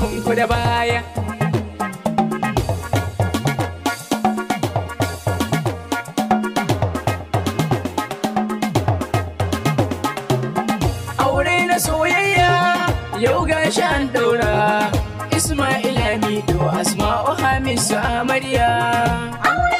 ku da baya aure na soyayya yau shi an daura isma'ila mido asma'u hamisu amarya aure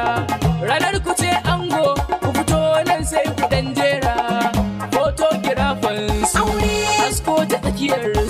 year.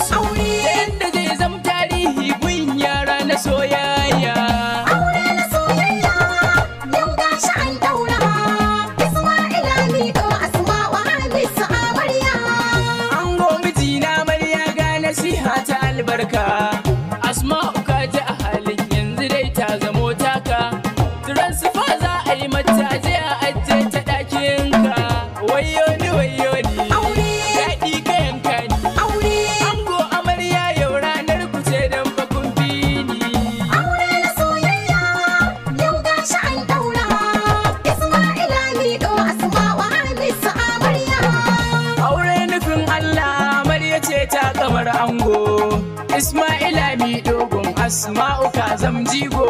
lami dogon asma'u ka zam jigo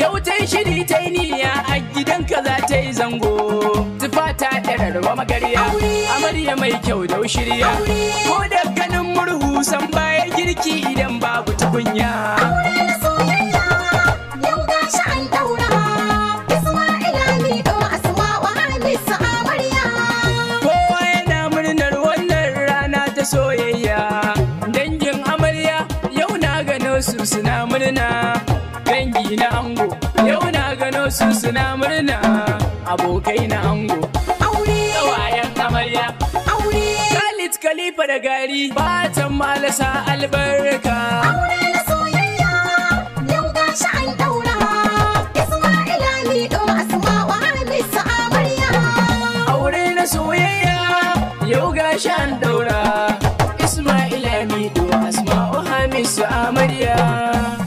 yau ta yi shiri ta yi niyya a gidanka za ta yi zango tufa ta ɗararwa magarya amarya mai kyau da shirya ko da ganin murhu san baya girki idan babu tukunya murna dangi na ango yau na gano su suna murna abokai na ango aure wayan amarya aure Khalid Khalifa da gari Ba ta malasa albarka aure na soyayya yau shi an daura Isma'ila Lido Asma wa Hamisa amarya aure na soyayya yau shi an daura Isma'ila Lido Asma wa Hamisa amarya